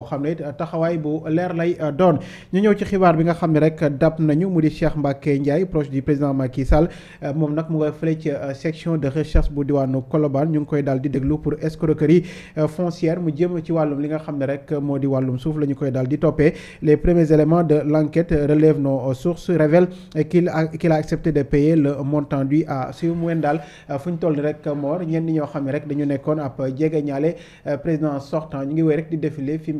boo xam ne euh, taxawaay bu leer lay euh, doon ñu ñëw ci xibaar bi nga xam ne rek dab nañu mu di Cheikh Mbacké Ndiaye proche du président Macky Sall euh, moom nag mu nga fële ci section de recherche bu diwaanu Colobane ñu ngi koy daal di déglu pour escroquerie foncière mu jëm ci wàllum li nga xam ne rek moo di wàllum suuf la ñu koy daal di toppee les premiers éléments de l'enquête relèvent nos sources révèlent qu'il a qu'il a accepté de payer le montant dû à Siw Mwendal fu ñu toll ni rek Mor ñenn ñoo xam ne rek dañu nekkoon ab jege ñaale président sortant ñu ngi wéy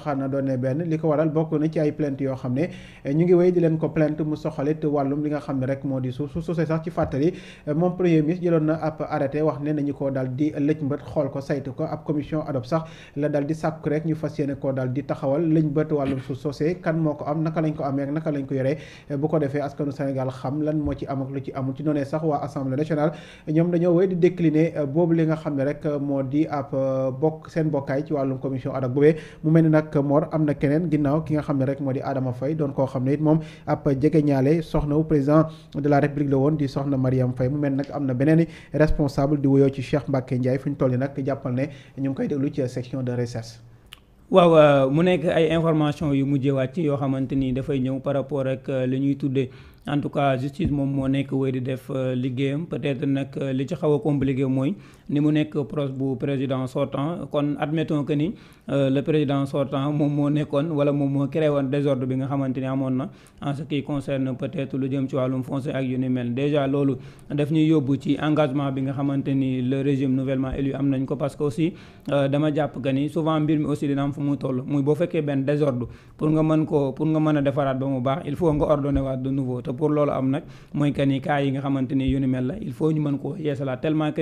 Porokhane doon ne benn li ko waral bokk na ci ay plainte yoo xam ne eh, ñu ngi wéy di leen ko plainte mu soxalit wàllum li nga xam ne rek moo di suuf su suusee sax ci fàttali eh, moom premier ministre jëloon na ab arrêté wax ne nañu koo daal di lëj xool ko saytu ko ab commission ad sax la daal di sàkk rek ñu fas yéene koo daal di taxawal lëj mbët wàllum suuf soosee kan moo ko am naka lañ ko amee naka lañ ko yoree eh, bu ko defee askanu Sénégal xam lan moo ci am lu ci amul ci noonee sax waa assemblée nationale ñoom dañoo wéy di décliner boobu li nga xam ne rek moo di ab bokk seen bokkaay ci wàllum commission ad hoc boobee mu mel ni nag nag Mor am na keneen ginnaaw ki nga xam ne rek moo di Adama Faye doon koo xam ne it moom ab jege ñaale soxna wu président de la république la woon di soxna Mariam Faye mu mel nag am na beneen responsable di wuyoo ci Cheikh Mbacke njaay fu ñu toll nag jàppal ne ñu ngi koy déglu ci section de recherche. waaw euh, mu nekk ay information yu mujjee wàcc yoo xamante ni dafay ñëw par rapport ak euh, li ñuy tuddee en tout cas justice moom moo nekk wéy di def euh, liggéeyam être nag li ci xaw a compliqué mooy. ni mu nekk proche bu président sortant kon admettons que ni euh, le président sortant moom moo nekkoon wala moom moo créé woon désordre bi nga xamante ni amoon na en ce qui concerne peut-être lu jëm ci wàllum foncier ak yu ni mel déjà loolu daf ñuy yóbbu ci engagement bi nga xamante ni le régime nouvellement élu am nañ ko parce que aussi euh, dama jàpp que ni souvent mbir mi aussi dina am fu mu toll muy boo fekkee benn désordre pour nga mën koo pour nga mën a ba mu nga ordonné waat de nouveau loolu am nag mooy que ni xamante ni yu ni mel la ñu mën koo yeesalaat tellement que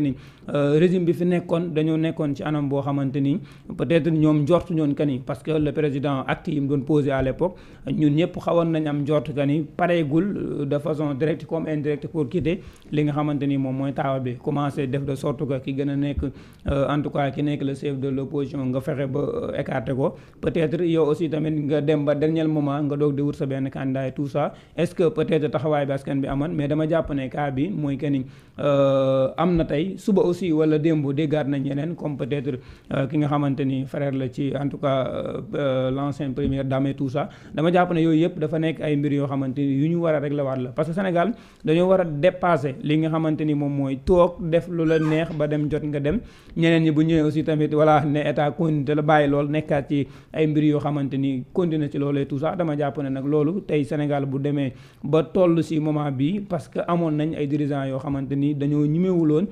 euh, régime bi fi nekkoon dañoo nekkoon ci anam boo xamante ni peut-être ñoom njortu ñoon que ni parce que le président acte yi mu doon posé à l'époque ñun ñëpp xawoon nañ am njort que pareegul euh, de façon directe comme indirecte pour quitter li nga xamante ni moom mooy taaba bi commencé def de sorte que ki gën a nekk euh, en tout cas ki nekk le chef de l'opposition nga fexe ba euh, écarté ko peut-être yow aussi tamit nga dem ba dernier moment nga doog di wut sa benn candidat et tout ça est-ce que peut-être taxawaay bi askan bi amoon mais dama jàpp ne cas bi mooy que am na tey wala démb déggaat nañ yeneen comme peut euh, ki nga xamante ni frère la ci en tout cas euh, euh, l'ancien première dame tout ça dama jàpp ne yooyu yëpp dafa nekk ay mbir yoo xamante ni yu ñu war a régler waat la parce que Sénégal dañoo war a dépasser li nga xamante ni moom mooy toog def lu la neex ba dem jot nga dem ñeneen ñi bu ñëwee aussi tamit voilà ne état continué la bàyyi lool nekkaat ci ay mbir yoo xamante ni continué ci loolee tout dama jàpp ne nag loolu tey Sénégal bu demee ba toll si moment bi parce que amoon nañ ay dirigeants yoo xamante ni dañoo ñemewuloon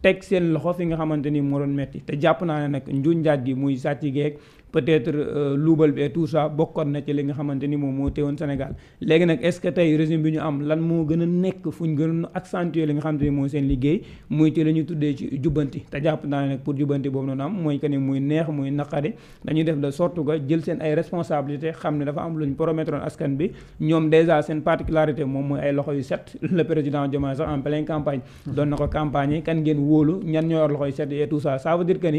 teg seen loxo fi nga xamante ni moo doon metti te jàpp naa ne nag njuuj njaaj gi muy sàcc geeg peut-être euh, luubal bi et tout ça bokkoon na ci li nga xamante ni moom moo teewoon Sénégal léegi nag est-ce que tey régime bi ñu am lan moo gën a nekk fu ñu gën a accentuer li nga xamante ni mooy seen liggéey muy ci la ñu tuddee ci jubbanti te jàpp naa ne nag pour jubbanti boobu noonu am mooy que ne muy neex muy naqari dañuy def de sorte jël seen ay responsabilité xam ne dafa am lu ñu promettre askan bi ñoom déjà seen particularité moom mooy ay loxo yu set le président Diomaye sax en pleine campagne doon na ko campagne yi kan ngeen ñan ñoo yor loxo yu set et tout ça ça veut dire que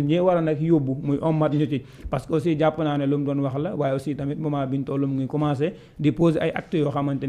ñun ñee a nag yóbbu muy ommat ñu ci parce que aussi jàpp naa ne lu mu doon wax la waaye aussi tamit moment bi ñu toll mu ngi commencé di poser ay actes yoo xamante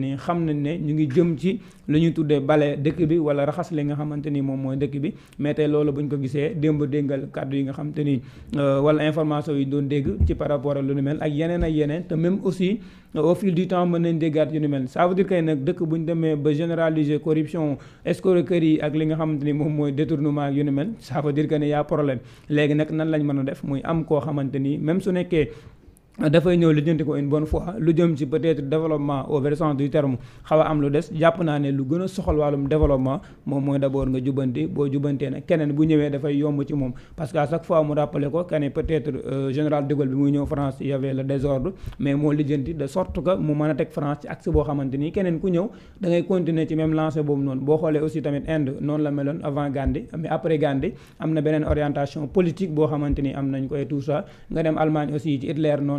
moom mooy détournement ak yu nu mel ça veut ne y problème léegi nag nan lañ mën a def muy am koo xamante ni même su nekkee dafay ñëw lijjanti ko une bonne fois lu jëm ci peut-être développement au vrai sens du terme xaw a am lu des jàpp naa ne lu gën a soxal wàllum développement moom mooy d'abord nga jubanti boo jubantee nag keneen bu ñëwee dafay yomb ci moom parce que à chaque fois mu rappelé ko que ne peut-être euh, général de Gaulle bi muy ñëw France y avait le désordre mais moo lijjanti de sorte que mu mën a teg France ci axe boo xamante ni keneen ku ñëw da ngay ci même lancé boo xoolee aussi tamit Inde noonu la meloon avant Gandhi mais après Gandhi am na boo xamante ni am nañ ko et tout ça nga dem Allemagne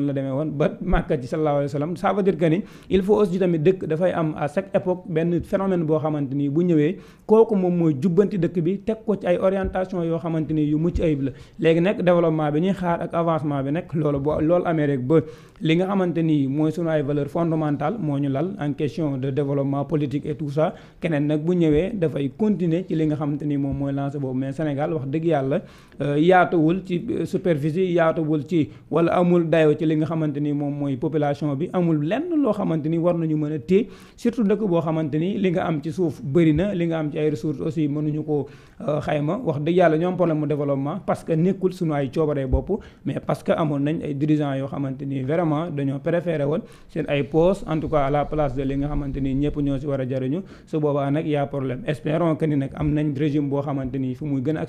noonu la demee woon ba màkka ci sallallahu alayhi wa sallam ça veut dire que ni il faut aussi tamit dëkk dafay am à chaque époque benn phénomène boo xamante ni bu ñëwee kooku moom mooy jubbanti dëkk bi teg ko ci ay orientation yoo xamante ni yu mucc ayib la léegi nag développement bi ñuy xaar ak avancement bi nag loolu boo loolu amee rek ba li nga xamante ni mooy sunu ay valeur fondamentale moo ñu lal en question de développement politique et tout ça keneen nag bu ñëwee dafay continuer ci li nga xamante ni moom mooy lancé boobu mais Sénégal wax dëgg yàlla euh, yaatuwul ci superficie yaatuwul ci li nga xamante ni moom mooy population bi amul lenn loo xamante war nañu mën téye surtout dëkk boo xamante li nga am ci suuf bëri na li nga am ci ay ressources aussi mënuñu ko euh, xayma wax dëgg yàlla ñoo am problème parce que nekkul suñu ay coobaree bopp mais parce que amoon nañ ay dirigeants yoo xamante ni dañoo préféré woon seen ay poste en tout cas à la place de li nga xamante ni ñoo si war a jariñu su boobaa nag y a problème espérons que ni nag am nañ régime boo xamante ni fu muy gën a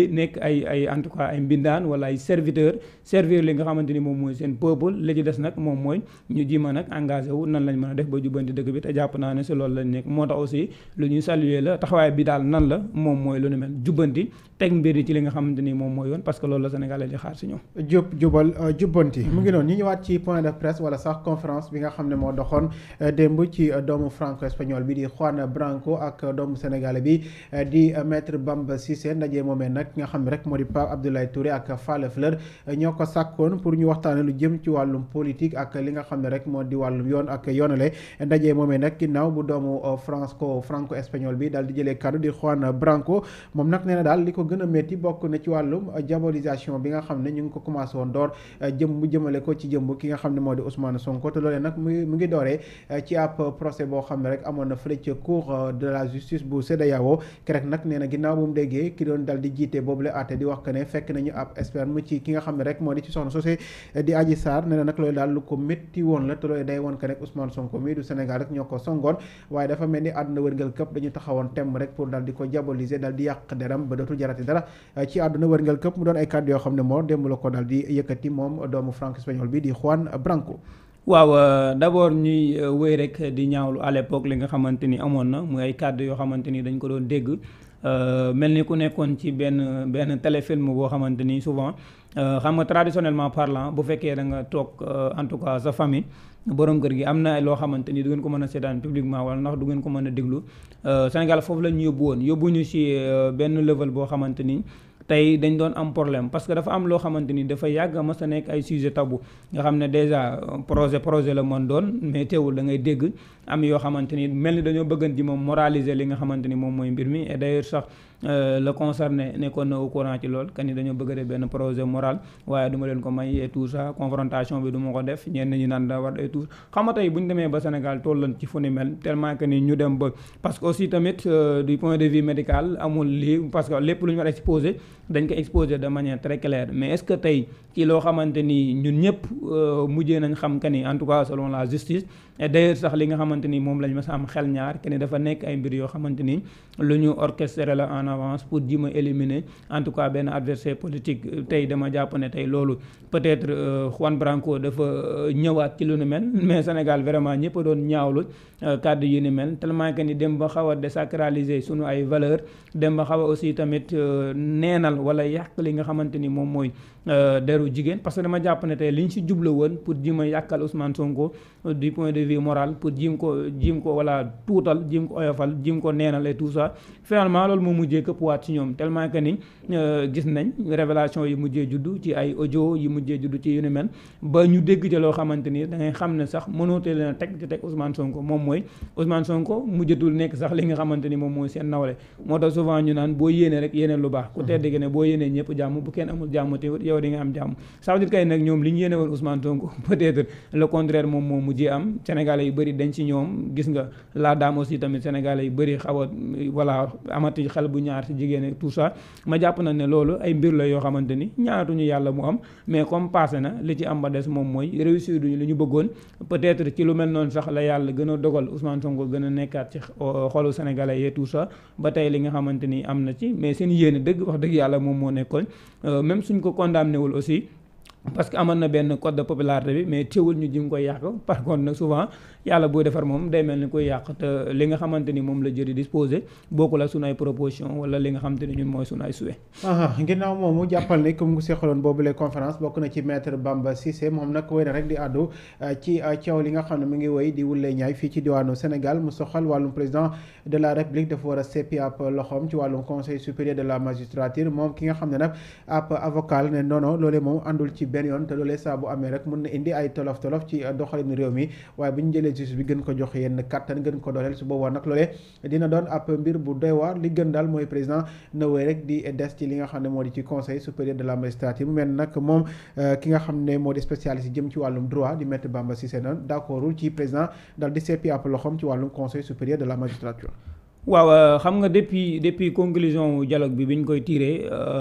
liggéey nekk ay ay en tout cas ay mbindaan wala ay serviteur servir li nga xamante ni moom mooy seen peuple li ci des nag moom mooy ñu jima nag engagé wu nan lañ mën a def ba jubanti dëkk bi te jàpp naa ne si loolu lañ nekk moo tax aussi lu ñuy saluer la taxawaay bi daal nan la moom mooy lu nu mel jubanti teg mbir yi ci li nga xamante ni moom mooy yoon parce que la Sénégalais di xaar si ñoom jub jubal euh, mu ngi noonu ñu ñëwaat ci point de presse nag ki nga xam ne rek moo di Pape Abdoulaye Touré ak Falla Fleur eh, ñoo ko sàkkoon pour ñu waxtaane lu jëm ci wàllum politique ak li nga xam ne rek moo di wàllum yoon ak yoonale ndaje moomee nag ginnaaw bu doomu eh, franco franco espagnol bi daal di jëlee kàddu di Juan Branco moom nag nee na daal li ko gën a métti bokk na ci wàllum diabolisation bi nga xam ne ñu ngi ko commencé woon door eh, jëm bu jëmale ko ci jëmb ki nga xam ne moo di Ousmane Sonko te loolee nag mu mu ngi dooree ci ab procès boo xam ne rek amoon na fële ca cour de la justice bu CEDEAO kerek nag nee ginnaaw bu mu déggee ki doon dal di jiite appliqué boobu la àtte di wax que ne fekk nañu ab sperme ci ki nga xam ne rek moo di ci soxna sosé di Adji Sarr ne na loolu daal lu ko métti woon la te day woon que rek Ousmane Sonko mi du Sénégal rek ñoo ko songoon waaye dafa mel ni àdduna wërngal këpp dañu taxawoon temm rek pour daal di ko diaboliser daal di yàq deram ba dootul jarati dara ci àdduna wërngal këpp mu doon ay kàddu yoo xam ne moo démb la ko daal di yëkkati moom doomu franc espagnol Euh, mel ni ku nekkoon ci benn benn téléfilm boo xamante ni souvent euh, xam nga traditionnellement parlant bu fekkee da nga toog euh, en tout cas sa famille borom kër gi am na loo xamante ni du ngeen ko mën a seetaan publiquement wala ndax du ngeen ko mën a déglu Sénégal foofu la ñu yóbbu woon yóbbu ñu si benn level boo xamante ni. tey dañu doon am problème parce que dafa am loo xamante ni dafa yàgg a mës a nekk ay sujet tabou nga xam ne déjà euh, projet projet la mën doon mais teewul da ngay dégg am yoo xamante ni mel ni dañoo bëggan ji moom moraliser li nga xamante ni moom mooy mbir mi et d'ailleurs sax Euh, la concerné nekkoon na au courant ci lool kan ni dañoo bëgg a benn projet moral waaye du leen ko may et tout ça confrontation bi du ma ko def ñenn ñi naan daa war et tout xam nga tey bu ñu demee ba Sénégal tollan ci fu ni mel tellement que ni ñu dem ba parce que aussi tamit euh, du point de vue médical amul lii parce que lépp lu ñu war a exposé dañ ko exposé de manière très claire mais est tey ci loo xamante ni ñun ñëpp euh, mujjee nañ xam que ni en tout cas selon la justice et xamante ni moom lañ mas a am xel ñaar que ni dafa nekk ay mbir yoo xamante ni avance pour ji ma éliminer en tout cas benn adversaire politique euh, tey dama jàpp ne tey loolu peut-être euh, Juan Branco dafa euh, ñëwaat ci lu ni mel mais Sénégal vraiment ñëpp a doon ñaawlu kàddu yu ni mel tellement que ni dem ba xaw a désacraliser sunu ay valeur dem ba xaw a aussi tamit neenal wala yàq li nga xamante ni moom mooy deru jigéen parce que dama jàpp ne tey liñ si jubla woon pour jima yàkkal Ousmane Sonko du point de vue moral pour jim ko ko wala tuutal jim ko oyofal jim mujjee këpp waat ci ñoom tellement que ni euh, gis nañ révélation yi mujjee juddu ci ay audio yi mujjee juddu ci yu mel ba ñu dégg ci loo xamante ni da ngay xam ne sax mënootee leen a teg di teg Ousmane Sonko moom mooy Ousmane Sonko mujjatul nekk sax li nga xamante ni moom mooy seen nawle moo tax souvent ñu naan boo yéene rek yéene lu baax ku tedd gi ne boo yéenee ñëpp jàmm bu kenn amul jàmm te yow di nga am jàmm ça veut kay nag ñoom li ñu yéene woon Ousmane Sonko la daam aussi tamit sénégalais yu a ñaar si jigéen ak tout ça ma jàpp na ne loolu ay mbir la yoo xamante ni ñaatuñu yàlla mu am mais comme passé na li ci am ba des moom mooy réussir duñu li ñu bëggoon peut-être ci lu mel noonu sax la yàlla gën a dogal Ousmane Sonko gën a nekkaat ci euh, xolu sénégalais yee tout ça ba tey li nga xamante ni am na ci mais seen yéene dëgg wax dëgg yàlla moom moo nekkoon euh, même suñ ko condamné wul aussi parce que amoon na benn code de popularité bi mais teewul ñu jim koy yàq par contre nag souvent yàlla booy defar moom day mel ni koy yàq te li nga xamante ni ni ah, moom nag wéy rek di àddu euh, ci euh, coow li nga xam ne mu ngi woy di wulle ñaay fii ci diwaanu Sénégal mu soxal wàllum président de la République dafa war a seppi ab loxoom ci wàllum conseil supérieur de la magistrature moom ki nga xam ne nag ab avocat ne non non moom àndul ci benn yoon te loolee saa amee rek mën na indi ay tolof tolof ci uh, doxalin réew mi waaye bu ñu jëlee justice bi gën ko jox yenn kattan gën ko dooleel su boobaa nag loolee dina doon ab mbir bu doy waar li gën daal mooy président na wéy rek di des ci li nga xam ne moo di ci conseil supérieur de la magistrature mu mel nag moom uh, ki nga xam ne moo di spécialiste jëm ci wàllum droit di maître Bamba Cissé Lo d'accordul ci président dal di seppi ab loxoom ci wàllum conseil de la magistrature waaw uh, xam nga depuis depuis conclusion dialogue bi bi koy tiré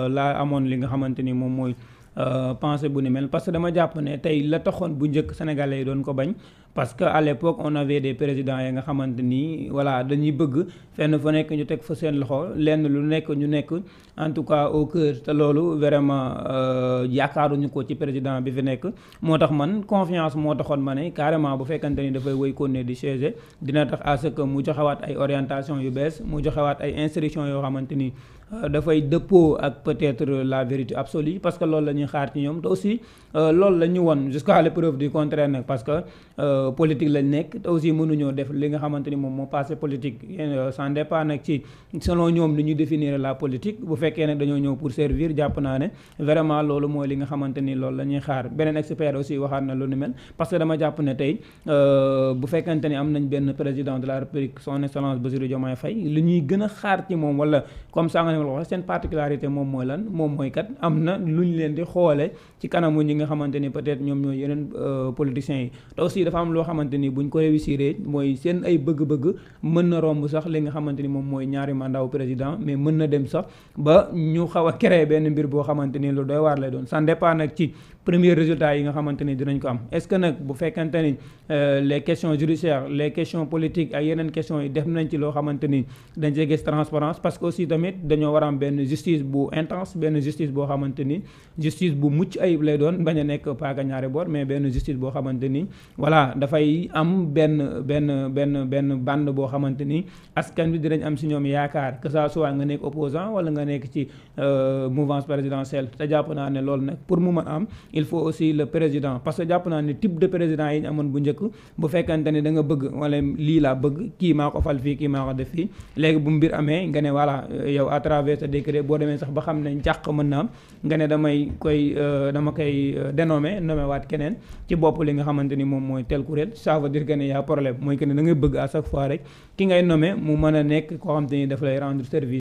laa amoon li nga xamante ni moom mooy Euh, pensée bu ni mel parce que dama jàpp ne tey la toxoon bu njëkk sénégalais yi doon ko bañ parce que à l'époque on avait des présidents yi nga xamante nii voilà dañuy bëgg fenn fa nekk ñu teg fa seen loxo lenn lu nekk ñu nekk en tout cas au cœur te loolu vraiment euh, yaakaaruñu ko ci président bi fi nekk moo tax man confiance moo taxoon ma ne carrément bu fekkante ni dafay wéy continuer di changer dina tax à que mu joxewaat ay orientation yu bees mu joxewaat ay instructions yoo xamante ni euh, dafay dëppoo ak peut-être la vérité absolue parce que loolu la ñuy xaar ci ñoom aussi euh, loolu la ñu won jusqu'à l'épreuve du que Euh, politique lañ nekk te aussi mënuñoo def li nga xamante moom moo passé politique sans euh, dépend nag ci selon ñoom li ñu définir la politique bu fekkee ne dañoo ñëw pour servir jàpp naa ne vraiment loolu mooy li nga xamante ni loolu la ñuy xaar beneen expert aussi waxaat na lu ni mel que dama jàpp ne tey euh, bu fekkante ni am nañ benn président de la république son excellence Bassirou Diomaye Faye li ñuy gën a xaar ci moom wala comme ça nga ne waxee seen particularité moom mooy lan moom mooy kat am na l ñu leen di xoole ci kanamu ñi nga xamante ni peut-être ñoom ñooy yeneen politiciens yi te am loo xamante ni buñ ko réussir mooy seen ay bëgg-bëgg mën na romb sax li nga xamante ni moom mooy ñaari mandat président mais mën na dem sax ba ñu xaw a créer benn mbir boo xamante ni lu doy waar lay doon ça dépend nag ci premier résultat yi nga xamante ni dinañ ko am est-ce que nag bu fekkente ni euh, les questions judiciaires les question politique ak yeneen questions yi def nañ ci loo xamante ni dañ cee gis transparence parce aussi tamit dañoo war a benn justice bu intense benn justice boo xamante ni justice bu mucc ayib lay doon bañ a nekk paaka ñaari boor mais benn justice boo xamante ni voilà dafay am benn benn benn benn bande boo xamante ni askan bi dinañ am si ñoom yaakaar que ça soit nga nekk opposant wala nga nekk ci euh, mouvance présidentielle te jàpp naa ne loolu nag pour mu am il faut aussi le président parce que jàpp naa ne type de président yi ñu amoon bu njëkk bu fekkante ne da nga bëgg wala lii laa bëgg kii maa ko fal fii kii maa ko def fii léegi bu mbir amee nga ne voilà euh, yow à travers ce boo demee sax ba xam ne njàq mën na am nga ne damay koy euh, dama koy euh, dénommer nommé waat keneen ci bopp li nga xamante ni moom mooy tel kuréel ça veut dire que ne yaa problème mooy que ne bëgg à chaque fois rek ki ngay nommé a nekk koo xam rendre service